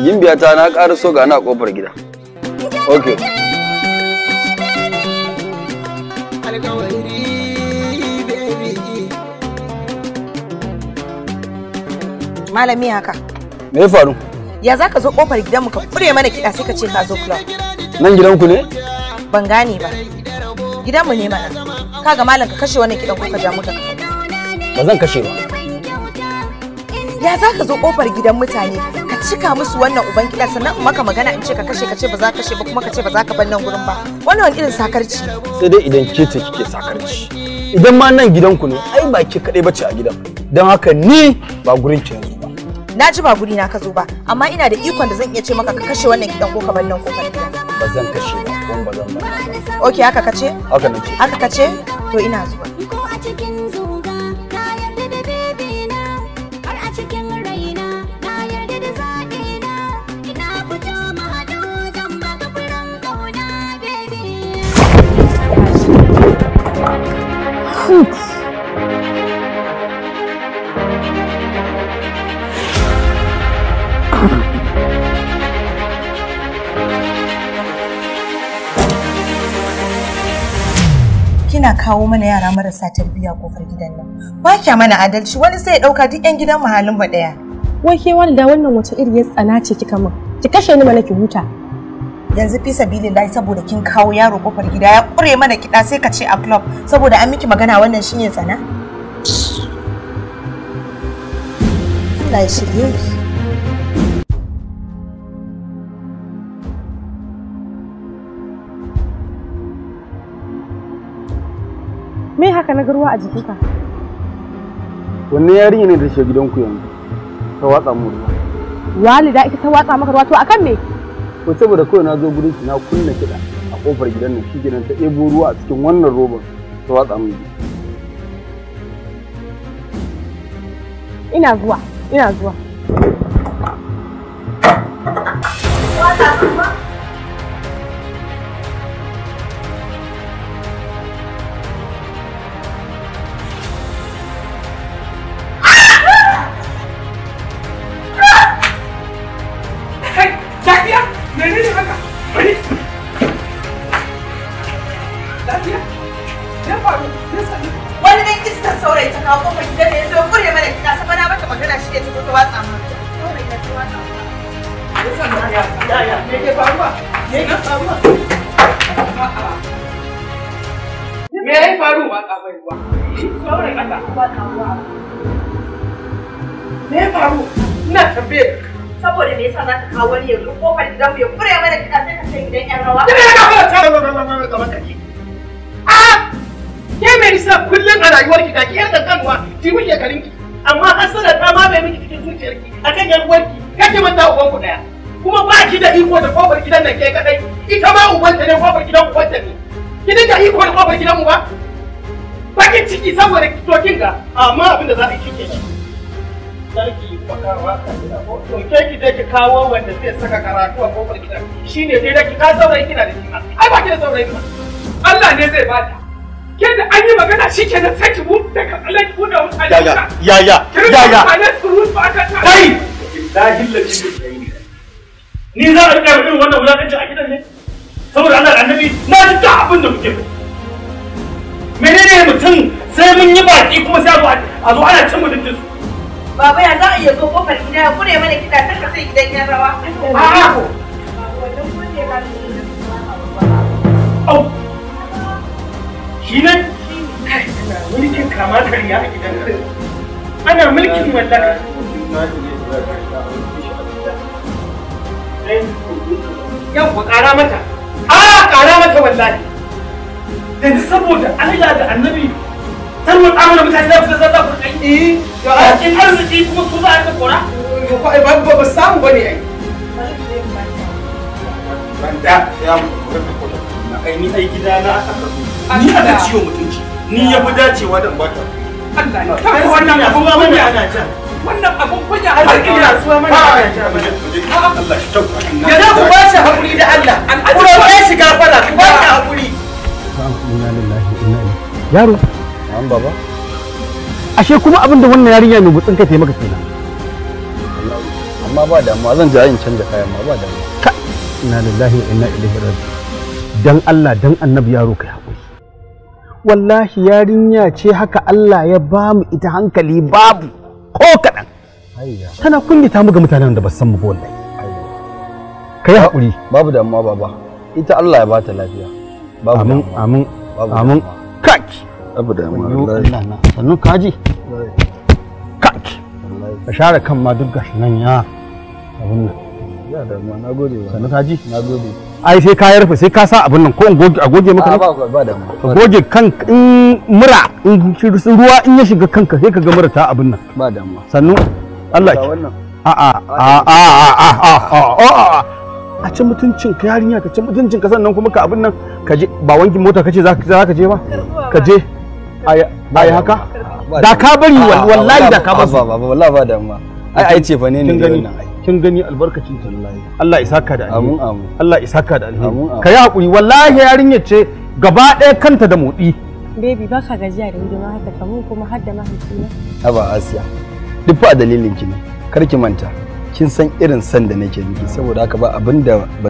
yin biyata na ƙara so ga na ƙofar gida ok malami haka me ya faru ya za ka zo ƙofar gidanmu ka fure mana kiɗa sai ka ce ka zo club nan gidanku ne ban gane ba gidanmu ne mana kaga malam ka kashe wannan kiɗan ko ka ja mu ba zan kashe ba ya za ka zo ƙofar gidan mutane cika musu wannan uban kiɗa sannan in maka magana in ce ka kashe ka ce ba za ka kashe ba kuma ka ce ba za ka bar nan gurin ba wannan wani irin sakarci sai dai idan ke ta kike sakarci idan ma nan gidan ku ne ai ba ke kaɗai bace a gidan don haka ni ba gurin ki yanzu ba na ji ba guri na ka zo ba amma ina da ikon da zan iya ce maka ka kashe wannan gidan ko ka bar nan kofar gidan ba zan kashe ba don ba zan ba Okay, haka kace haka ce. haka kace to ina zuwa Kina kawo mana yara marasa tarbiyya kofar gidan nan. Ba kya mana adalci wani sai ya ɗauka duk 'yan gidan muhallin mu ɗaya. Wai ke da wannan wace ya tsana ce kika min? Ki kashe ni mana ki huta. yanzu fi lai saboda kin kawo yaro kofar gida ya ƙure mana kiɗa sai ka ce a club saboda an miki magana wannan shine tsana Allah ya shirye ki me haka na garwa a jikinka wannan yarinya ne da shi gidanku yanzu ta watsa mu ruwa walida ita ta watsa maka ruwa to akan me ko saboda kawai na zo gurin ki na kunna kiɗa a kofar gidan nan shi gidan ta ɗebo ruwa a cikin wannan roban ta watsa mu ina zuwa ina zuwa Yaya, me ke faruwa? Me ke ya yi faru? Waka bai ruwa. Me ya faru? Ina ka. Saboda me yasa za ta kawo wani yanzu kofar gidanmu ya kure mana kiɗa sai ka ce gidan ƴan rawa. ka kawo Ah! Ke me kullum a rayuwarki ga ki ƴan kankanuwa ki wuce garinki. ki da iko da kofar gidan nan ke kadai ita ma ubanta ne kofar gidan ubanta ne ki dinga iko da kofar gidan mu ba bakin ciki saboda dokin ga amma abin da za a kike shi sarki bakawa to ke ki je ki kawo wanda zai saka karatu a kofar gidan shine dai da ki ka saurayi kina da shi ai ba ki da saurayi ba Allah ne zai bata ke da an yi magana shi ke da saki mu da kalan ku da mutane ya ya ya ya ya ya kai ni za a rika irin wannan wulakancin a gidan ne saboda Allah annabi na ji duk abin da kuke menene mutum sai mun yi baki kuma sai a zo ana cin da su baba ya za a iya zo kofar gida ya kure mana gida sai ka sai gidan yan rawa a'a au shi ne mulkin kama kariya a gidan ana mulkin mallaka Yau ku ƙara mata. A ƙara mata wallahi. Yanzu saboda Allah da annabi tarwar amana mutane za su zama ku ya eh, kin arziki kuma su za a yi kora? Ba ba ba samu bane ai. Banda ya mu kora ai ni ai gida na aka Ni aka ciwo mutunci. Ni ya fi dacewa da Allah Wannan abun Wannan abun kunya Ba ina Yana ku ba shi hakuri da Allah, ku roƙe shi gafara, ku ba shi Yaro. Ashe kuma abin wannan yarinya mai butsin kai taimaka kai Wallahi yarinya ce haka Allah ya bamu ita hankali babu ko kaɗan. tana kunyata ta ga mutanen da ba san mu ba wallahi kai haƙuri babu damuwa baba ita Allah ya bata lafiya babu amin amin amin kaki babu damuwa sannan kaji kaki ka share kan ma duk gashi nan ya abun nan ya damuwa na gode ba sannan kaji na gode ai sai ka yarfa sai ka sa abun nan ko a goge maka ka goge kan in mura in ruwa in ya shiga kanka sai ka ga mura ta nan ba damuwa sannu Allah a a ce a mutuncin ka yarinya ka mutuncin ka sannan kuma ka abin nan ka je ba wankin mota kace za ka je ba ka je ba yi haka da ka bari wallahi da ka ba ba ba wallahi ba da ma ai ai ce fa ne ne wannan kin gani albarkacin tallahi. Allah isa ka da alheri Allah ya da alheri ka yi hakuri wallahi yarinya ce gaba ɗaya kanta da motsi baby ba ka gajiya da hidima haka kamun kuma har da mahaifina aba asiya duk ba dalilin ki ne kar ki manta kin san irin san da nake miki saboda haka ba abinda da